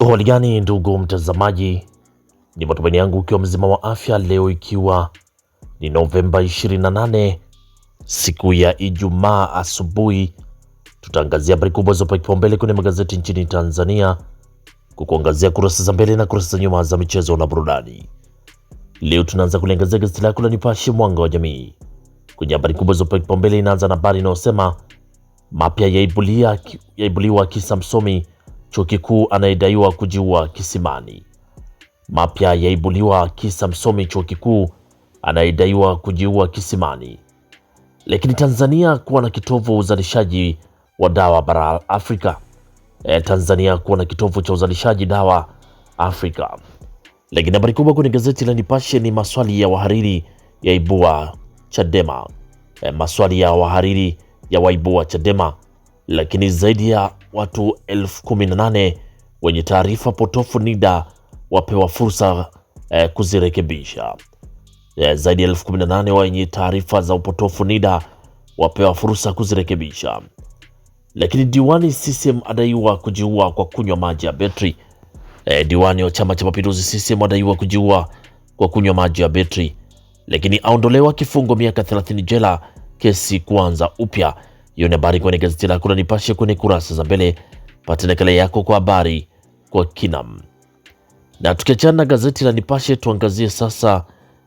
Hali gani ndugu mtazamaji, ni matumaini yangu ukiwa mzima wa afya leo, ikiwa ni Novemba 28 siku ya Ijumaa asubuhi. Tutaangazia habari kubwa zopa kipaumbele kwenye magazeti nchini Tanzania, kukuangazia kurasa za mbele na kurasa za nyuma za michezo na burudani. Leo tunaanza kuliangazia gazeti lako la Nipashe Mwanga wa Jamii. Kwenye habari kubwa zopa kipaumbele, inaanza na habari inayosema mapya yaibuliwa kisa msomi chuo kikuu anayedaiwa kujiua kisimani. Mapya yaibuliwa kisa msomi chuo kikuu anayedaiwa kujiua kisimani. Lakini Tanzania kuwa na kitovu uzalishaji wa dawa bara Afrika. E, Tanzania kuwa na kitovu cha uzalishaji dawa Afrika. Lakini habari kubwa kwenye gazeti la Nipashe ni maswali ya wahariri ya ibua Chadema. E, maswali ya wahariri ya waibua Chadema lakini zaidi ya watu elfu kumi na nane wenye taarifa potofu NIDA wapewa fursa eh, kuzirekebisha. Eh, zaidi ya elfu kumi na nane wenye taarifa za upotofu NIDA wapewa fursa kuzirekebisha. Lakini diwani CCM adaiwa kujiua kwa kunywa maji ya betri. Eh, diwani wa Chama cha Mapinduzi CCM adaiwa kujiua kwa kunywa maji ya betri, lakini aondolewa kifungo miaka 30 jela, kesi kuanza upya. Hiyo ni habari kwenye gazeti lako la Nipashe kwenye kurasa za mbele. Pata nakala yako kwa habari kwa kinam. Na tukiachana na gazeti la Nipashe, tuangazie sasa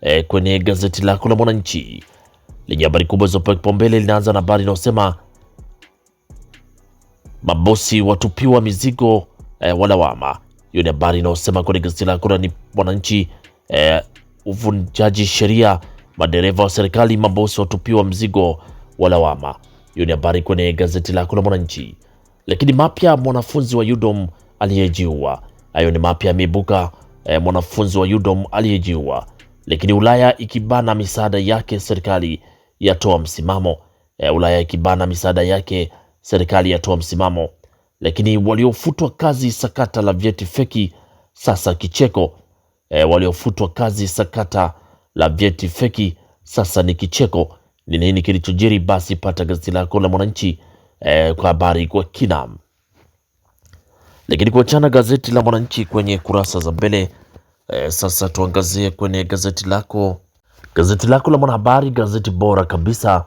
eh, kwenye gazeti lako la Mwananchi lenye habari kubwa zilizopewa kipaumbele. Linaanza na habari inayosema mabosi watupiwa mizigo eh, walawama. Hiyo ni habari inayosema kwenye gazeti lako la Mwananchi eh, uvunjaji sheria madereva wa serikali, mabosi watupiwa mzigo walawama. Hiyo ni habari kwenye gazeti lako la Mwananchi. Lakini mapya mwanafunzi wa UDOM aliyejiua. Hayo ni mapya ameibuka, eh, mwanafunzi wa UDOM aliyejiua. Lakini Ulaya ikibana misaada yake, serikali yatoa msimamo. E, Ulaya ikibana misaada yake, serikali yatoa msimamo. Lakini waliofutwa kazi sakata la vyeti feki sasa kicheko. E, waliofutwa kazi sakata la vyeti feki sasa ni kicheko. Ni nini kilichojiri? Basi pata gazeti lako la Mwananchi e, kwa habari kwa kina. Lakini kuachana gazeti la Mwananchi kwenye kurasa za mbele e, sasa tuangazie kwenye gazeti lako gazeti lako la Mwanahabari, gazeti bora kabisa.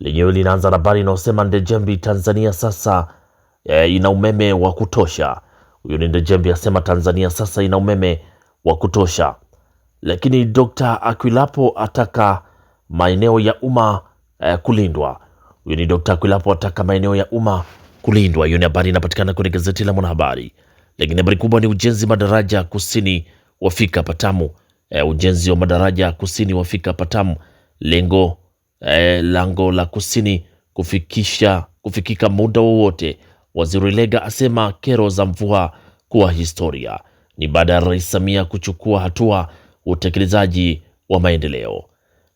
Lenyewe linaanza na habari inayosema Ndejembi, Tanzania sasa e, ina umeme wa kutosha. Huyo ni Ndejembi asema Tanzania sasa ina umeme wa kutosha, lakini Dr. Akwilapo ataka maeneo ya umma eh, kulindwa. Huyu ni Dkt. Kwilapo ataka maeneo ya umma kulindwa. Hiyo ni habari inapatikana kwenye gazeti la Mwanahabari. Lakini habari kubwa ni ujenzi madaraja kusini wafika patamu. Eh, ujenzi wa madaraja kusini wafika patamu. Lengo eh, lango la kusini kufikisha kufikika muda wowote. Waziri Lega asema kero za mvua kuwa historia. Ni baada ya Rais Samia kuchukua hatua utekelezaji wa maendeleo.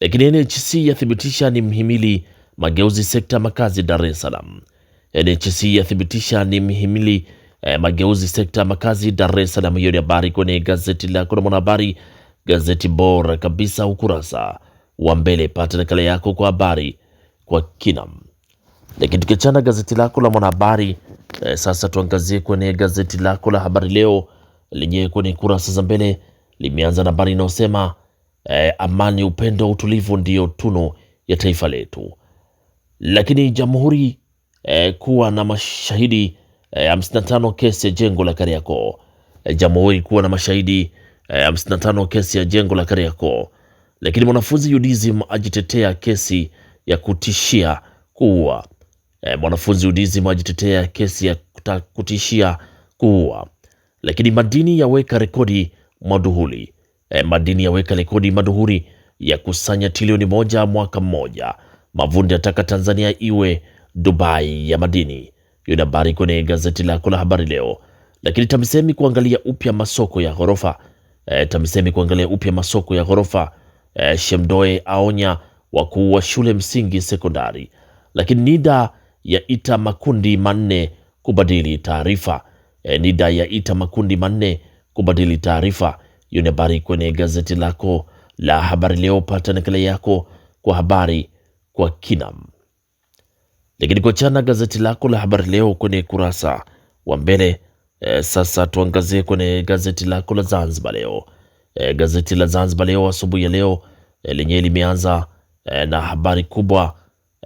Lakini NHC yathibitisha ni mhimili mageuzi sekta makazi Dar es Salaam. NHC yathibitisha ni mhimili eh, mageuzi sekta makazi Dar es Salaam. Hiyo ni habari kwenye gazeti lako la Mwanahabari, gazeti bora kabisa, ukurasa wa mbele. Pata nakala yako kwa habari kwa kina. Lakini tukiachana gazeti lako la Mwanahabari eh, sasa tuangazie kwenye gazeti lako la Habari Leo lenyewe kwenye kurasa za mbele limeanza na habari inayosema eh, amani, upendo, utulivu ndiyo tuno ya taifa letu. Lakini jamhuri eh, kuwa na mashahidi eh, 55 kesi ya jengo la Kariakoo. Eh, jamhuri kuwa na mashahidi eh, 55 kesi ya jengo la Kariakoo. Lakini mwanafunzi UDSM ajitetea kesi ya kutishia kuua. Eh, mwanafunzi UDSM ajitetea kesi ya kutishia kuua. Lakini madini yaweka rekodi mwaduhuli E, madini yaweka rekodi maduhuri ya kusanya trilioni moja mwaka mmoja. Mavunde yataka Tanzania iwe Dubai ya madini. Hiyo ni habari kwenye gazeti lako la habari leo. Lakini TAMISEMI kuangalia upya masoko ya ghorofa. E, TAMISEMI kuangalia upya masoko ya ghorofa. E, Shemdoe aonya wakuu wa shule msingi sekondari. Lakini NIDA yaita makundi manne kubadili taarifa. E, NIDA yaita makundi manne kubadili taarifa. Hiyo ni habari kwenye gazeti lako la Habari Leo. Pata nakala yako kwa habari kwa kina. Lakini kwa chana gazeti lako la Habari Leo kwenye kurasa wa mbele e, sasa tuangazie kwenye gazeti lako la Zanzibar Leo. E, gazeti la Zanzibar Leo asubuhi ya leo e, eh, lenyewe limeanza e, na habari kubwa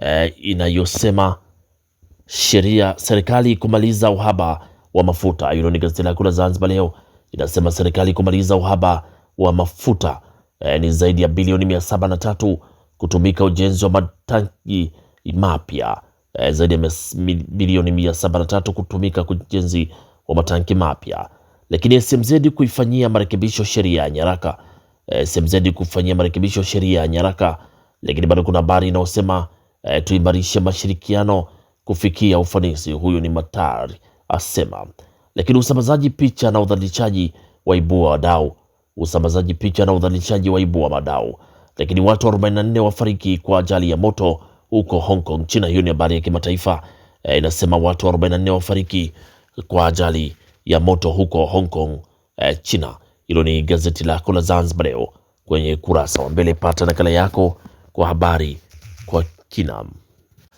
e, inayosema sheria serikali kumaliza uhaba wa mafuta. Hilo ni gazeti lako la Zanzibar Leo inasema serikali kumaliza uhaba wa mafuta e, ni zaidi ya bilioni mia saba na tatu kutumika ujenzi wa matangi mapya e, zaidi ya bilioni mia saba na tatu kutumika ujenzi wa matanki mapya, eh, lakini SMZ kuifanyia marekebisho sheria ya nyaraka e, eh, SMZ kufanyia marekebisho sheria ya nyaraka, lakini bado kuna habari inayosema e, tuimarishe mashirikiano kufikia ufanisi. Huyu ni Matari asema lakini usambazaji picha na udhalilishaji waibua wadau, usambazaji picha na udhalilishaji waibua madau. Lakini watu 44 wafariki kwa ajali ya moto huko Hong Kong, China. Hiyo ni habari ya kimataifa e, inasema watu 44 wafariki kwa ajali ya moto huko Hong Kong e, China. Hilo ni gazeti lako la Zanzibar Leo kwenye kurasa wa mbele. Pata nakala yako kwa habari kwa kina.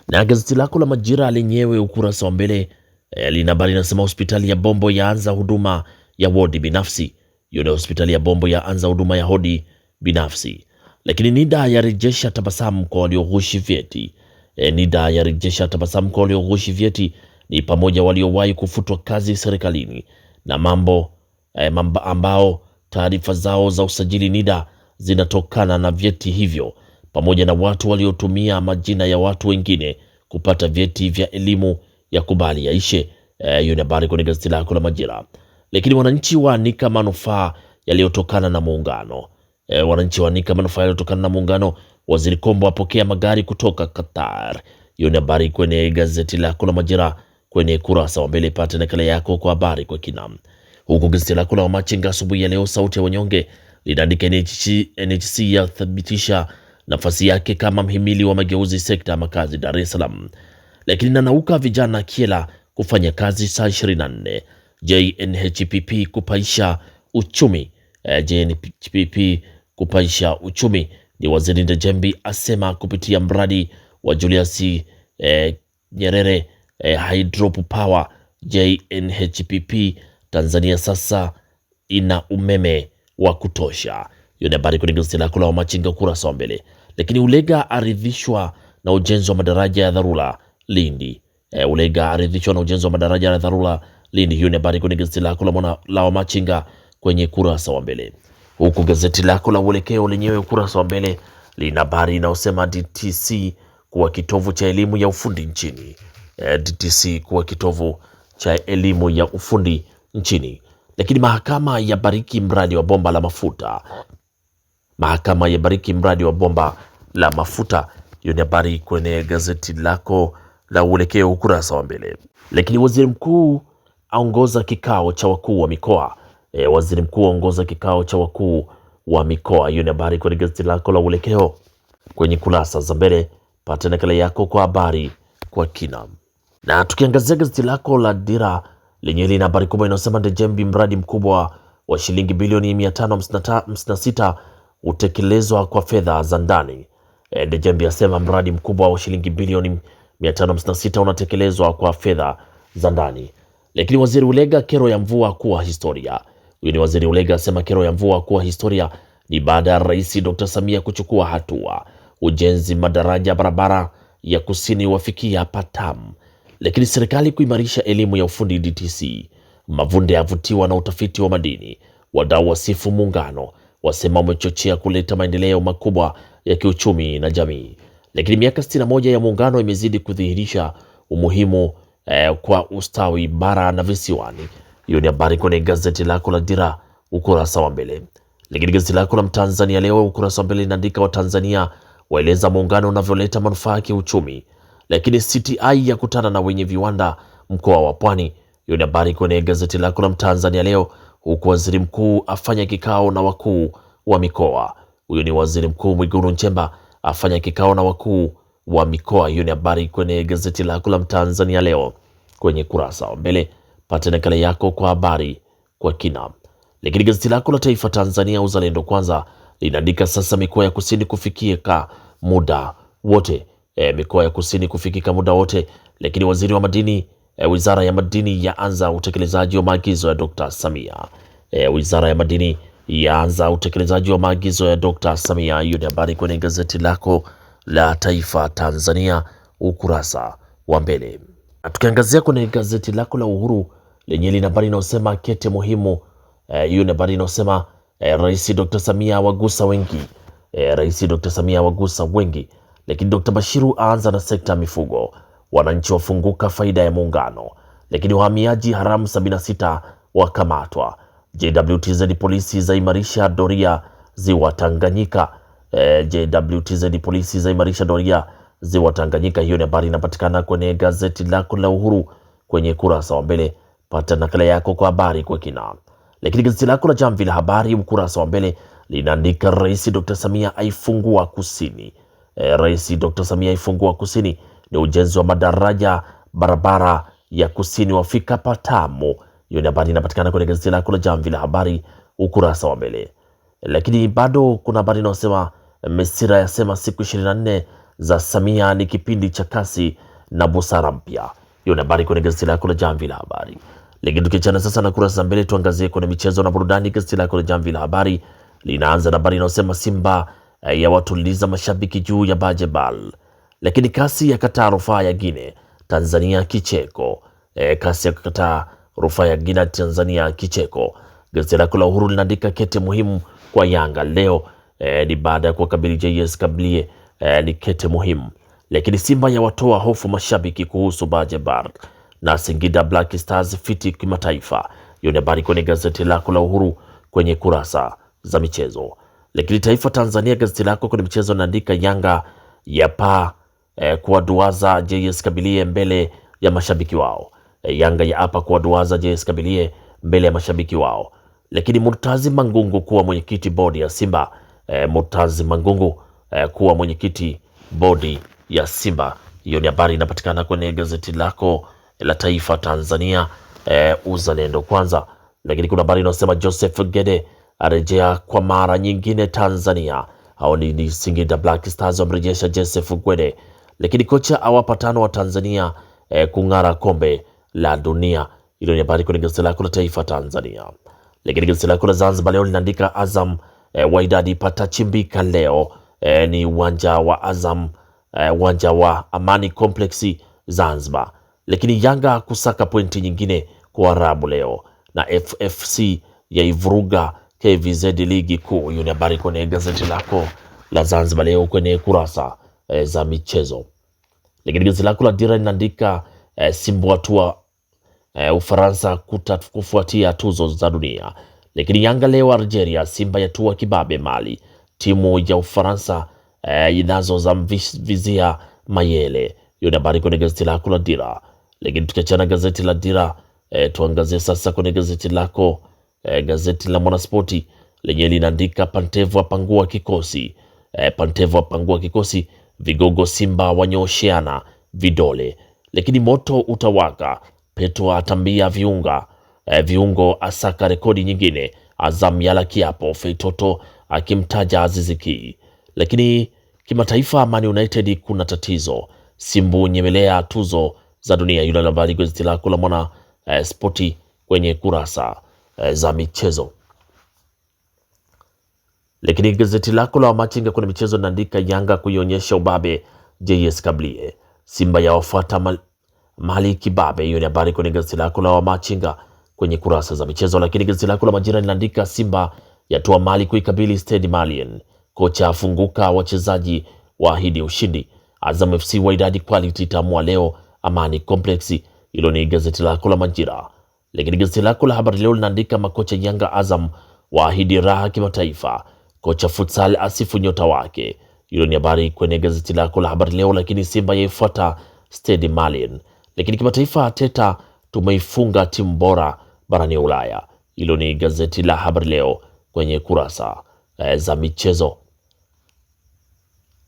Na gazeti lako la Majira lenyewe ukurasa wa mbele Eh, Linabari inasema hospitali ya Bombo yaanza huduma ya wodi binafsi. Hiyo ni hospitali ya Bombo yaanza huduma ya wodi binafsi. Lakini NIDA yarejesha tabasamu kwa walioghushi vyeti. E, NIDA yarejesha tabasamu kwa walioghushi vyeti ni pamoja waliowahi kufutwa kazi serikalini na mambo e, mamba ambao taarifa zao za usajili NIDA zinatokana na vyeti hivyo pamoja na watu waliotumia majina ya watu wengine kupata vyeti vya elimu yakubali yaishe. Eh, e, ni habari kwenye gazeti lako la Majira. Lakini wananchi waanika manufaa yaliyotokana na muungano. e, wananchi waanika manufaa yaliyotokana na muungano. Waziri Kombo apokea magari kutoka Qatar. Hiyo ni habari kwenye gazeti lako la Majira kwenye kurasa wa mbele, pata nakala yako kwa habari kwa kina. Huku gazeti lako la Wamachinga asubuhi ya leo, sauti ya wanyonge linaandika NHC, NHC yathibitisha nafasi yake kama mhimili wa mageuzi sekta ya makazi Dar es Salaam lakini nanauka vijana kila kufanya kazi saa 24, JNHPP kupaisha uchumi. Eh, JNHPP kupaisha uchumi ni Waziri Ndejembi asema kupitia mradi wa Julius eh, Nyerere eh, hydropower power. JNHPP Tanzania sasa ina umeme wa kutosha. Hiyo ni habari kwenye gazeti lako la Wamachinga ukurasa wa mbele. Lakini Ulega aridhishwa na ujenzi wa madaraja ya dharura Lindi. E, eh, Ulega aridhishwa na ujenzi wa madaraja ya dharura Lindi. Hiyo ni habari kwenye gazeti lako la mwana la wa machinga kwenye kurasa wa mbele, huku gazeti lako la Uelekeo lenyewe kurasa wa mbele lina habari inayosema DTC kuwa kitovu cha elimu ya ufundi nchini. E, eh, DTC kuwa kitovu cha elimu ya ufundi nchini. Lakini mahakama ya bariki mradi wa bomba la mafuta, mahakama ya bariki mradi wa bomba la mafuta. Hiyo ni habari kwenye gazeti lako na uelekee ukurasa wa mbele. Lakini waziri mkuu aongoza kikao cha wakuu wa mikoa e, waziri mkuu aongoza kikao cha wakuu wa mikoa. Hiyo ni habari kwenye gazeti lako la uelekeo kwenye kurasa za mbele. Pata nakala yako kwa habari kwa kina. Na tukiangazia gazeti lako la Dira lenye lina habari kubwa inayosema Ndejembi, mradi mkubwa wa shilingi bilioni 556 utekelezwa kwa fedha za ndani. E, Ndejembi asema mradi mkubwa wa shilingi bilioni 556 unatekelezwa kwa fedha za ndani. Lakini waziri Ulega, kero ya mvua kuwa historia. Huyu ni waziri Ulega asema kero ya mvua kuwa historia ni baada ya Rais Dr Samia kuchukua hatua. Ujenzi madaraja barabara ya kusini wafikia Patam. Lakini serikali kuimarisha elimu ya ufundi DTC. Mavunde yavutiwa na utafiti wa madini. Wadau wasifu muungano, wasema umechochea kuleta maendeleo makubwa ya kiuchumi na jamii lakini miaka 61 ya muungano imezidi kudhihirisha umuhimu eh, kwa ustawi bara na visiwani. Hiyo ni habari kwenye gazeti lako la Dira ukurasa wa mbele. Lakini gazeti lako la Mtanzania leo ukurasa wa mbele linaandika Watanzania waeleza muungano unavyoleta manufaa ya kiuchumi, lakini CTI yakutana na wenye viwanda mkoa wa Pwani. Hiyo ni habari kwenye gazeti lako la Mtanzania leo, huku waziri mkuu afanya kikao na wakuu wa mikoa. Huyo ni waziri mkuu Mwigulu Nchemba afanya kikao na wakuu wa mikoa. Hiyo ni habari kwenye gazeti lako la Mtanzania leo kwenye kurasa wa mbele, pata nakala yako kwa habari kwa kina. Lakini gazeti lako la Taifa Tanzania Uzalendo Kwanza linaandika sasa mikoa ya kusini kufikika muda wote e, mikoa ya kusini kufikika muda wote. Lakini waziri wa madini e, wizara ya madini yaanza utekelezaji wa maagizo ya Dr. Samia e, wizara ya madini yaanza utekelezaji wa maagizo ya Dr. Samia. Hiyo ni habari kwenye gazeti lako la Taifa Tanzania ukurasa wa mbele. Tukiangazia kwenye gazeti lako la Uhuru lenye lina habari inayosema kete muhimu. Eh, hiyo ni habari inayosema eh, Rais Dr. Samia wagusa wengi eh, Rais Dr. Samia wagusa wengi, lakini Dr. Bashiru aanza na sekta ya mifugo. Wananchi wafunguka faida ya muungano, lakini wahamiaji haramu 76 wakamatwa JWTZ polisi zaimarisha doria ziwa Tanganyika. E, JWTZ polisi zaimarisha doria ziwa Tanganyika. Hiyo ni habari inapatikana kwenye gazeti lako la Uhuru kwenye kurasa wa mbele, pata nakala yako kwa habari kwa kina. Lakini gazeti lako la Jamvi la Habari ukurasa wa mbele linaandika Rais Dr. Samia aifungua kusini. E, Rais Dr. Samia aifungua kusini ni ujenzi wa madaraja barabara ya kusini wafika patamu hiyo ni habari inapatikana kwenye gazeti lako la Jamvi la Habari ukurasa wa mbele, lakini bado kuna habari inayosema Mesira yasema siku 24 za Samia ni kipindi cha kasi na busara mpya. Hiyo ni habari kwenye gazeti lako la Jamvi la Habari. Lakini tukiachana sasa na kurasa za mbele, tuangazie kwenye michezo na burudani. Gazeti lako la Jamvi la Habari linaanza na habari inayosema Simba eh, ya watuliza mashabiki juu ya Bajebal, lakini kasi ya kataa rufaa ya Gine Tanzania kicheko. E, kasi ya kataa rufaa ya Gina Tanzania kicheko. Gazeti lako la Uhuru linaandika kete muhimu kwa Yanga leo e, ni baada ya kuwakabili JS Kabylie e, ni kete muhimu, lakini Simba ya watoa hofu mashabiki kuhusu Bajebar na Singida Black Stars fiti kimataifa. Hiyo ni habari kwenye gazeti lako la Uhuru kwenye kurasa za michezo. Lakini Taifa Tanzania gazeti lako kwenye michezo linaandika Yanga yapaa e, eh, kuwaduaza JS Kabylie mbele ya mashabiki wao Eh, Yanga ya hapa kwa duaza JS Kabilie mbele ya mashabiki wao. Lakini Murtazi Mangungu kuwa mwenyekiti bodi ya Simba. E, eh, Murtazi Mangungu e, kuwa mwenyekiti bodi ya Simba. Hiyo ni habari inapatikana kwenye gazeti lako la Taifa Tanzania e, uzalendo kwanza. Lakini kuna habari inasema Joseph Gede arejea kwa mara nyingine Tanzania. Hao ni Singida Black Stars wamrejesha Joseph Gede. Lakini kocha awapa tano wa Tanzania e, kung'ara kombe la dunia. Hilo ni habari kwenye gazeti lako la taifa Tanzania. Lakini gazeti lako la Zanzibar leo linaandika Azam e, eh, Wydad patachimbika leo e, ni uwanja wa Azam eh, uwanja e, wa Amani Complex Zanzibar. Lakini Yanga kusaka pointi nyingine kwa Arabu leo na FFC yaivuruga KVZ ligi kuu. Hiyo ni habari kwenye gazeti lako la Zanzibar leo kwenye kurasa e, za michezo. Lakini gazeti lako la Dira linaandika e, Simba watua e, Ufaransa kuta, kufuatia tuzo za dunia. Lakini Yanga leo Algeria, Simba yatua kibabe Mali, timu ya Ufaransa e, inazo za mvizia Mayele. Hiyo ni habari kwenye gazeti lako la Dira. Lakini tukiachana gazeti la Dira e, tuangazie sasa kwenye gazeti lako e, gazeti la Mwanaspoti lenye linaandika Pantevu apangua kikosi e, Pantevu apangua kikosi, vigogo Simba wanyoosheana vidole, lakini moto utawaka Petro atambia viunga e, viungo asaka rekodi nyingine. Azam yala kiapo Feitoto akimtaja Aziziki. Lakini kimataifa, Man United kuna tatizo. Simbu nyemelea tuzo za dunia. Yule habari gazeti lako la Mwana e, Spoti kwenye kurasa e, za michezo. Lakini gazeti lako la Machinga kuna michezo naandika Yanga kuionyesha ubabe JS Kablie. Simba yawafuata Mali Kibabe. Hiyo ni habari kwenye gazeti lako la Wamachinga kwenye kurasa za michezo. Lakini gazeti lako la Majira linaandika Simba yatoa Mali kuikabili Stade Malien, kocha afunguka, wachezaji waahidi ushindi, Azam FC wa idadi Quality itaamua leo Amani Complex. Hilo ni gazeti lako la Majira. Lakini gazeti lako la Habari Leo linaandika makocha Yanga Azam waahidi raha kimataifa, kocha futsal asifu nyota wake. Hilo ni habari kwenye gazeti lako la Habari Leo. Lakini Simba yaifuata Stade Malien lakini kimataifa, Teta tumeifunga timu bora barani ya Ulaya. Hilo ni gazeti la Habari Leo kwenye kurasa eh, za michezo.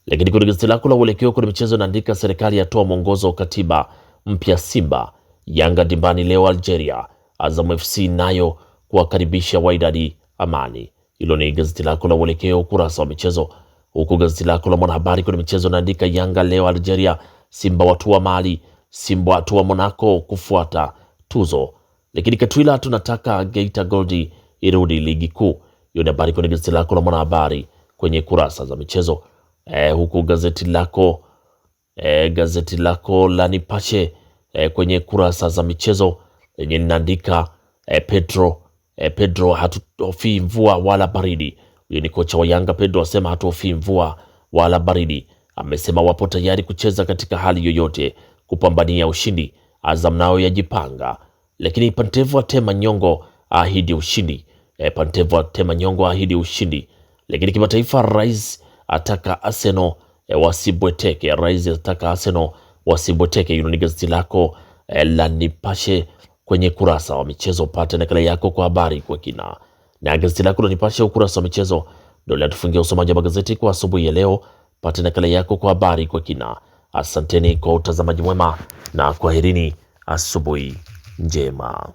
Lakini kwenye gazeti lako la Uelekeo kwenye michezo inaandika serikali yatoa mwongozo wa katiba mpya Simba, Yanga dimbani leo Algeria, Azam FC nayo kuwakaribisha Wydad Amani. Hilo ni gazeti lako la Uelekeo ukurasa wa michezo, huku gazeti lako la Mwanahabari kwenye michezo inaandika Yanga leo Algeria, Simba watua Mali, Simba atua Monaco kufuata tuzo, lakini Katwila tunataka Geita Gold irudi ligi kuu. Hiyo ni habari kwenye gazeti lako la Mwanahabari kwenye kurasa za michezo. E, huku gazeti lako e, gazeti lako la Nipashe e, kwenye kurasa za michezo lenye linaandika e, Pedro e, Pedro hatuhofii mvua wala baridi. Huyo ni kocha wa Yanga Pedro asema hatuhofii mvua wala baridi, amesema wapo tayari kucheza katika hali yoyote kupambania ushindi. Azam nao yajipanga, lakini Pantevo atema nyongo ahidi ushindi. E, Pantevo atema nyongo ahidi ushindi. Lakini kimataifa, rais ataka Arsenal e, wasibweteke. Rais ataka Arsenal wasibweteke. Hilo ni gazeti lako e, la Nipashe kwenye kurasa wa michezo. Pata nakala yako kwa habari kwa kina na gazeti lako la Nipashe ukurasa wa michezo ndio linatufungia usomaji wa magazeti kwa asubuhi ya leo. Pata nakala yako kwa habari kwa kina. Asanteni kwa utazamaji mwema na kwaherini, asubuhi njema.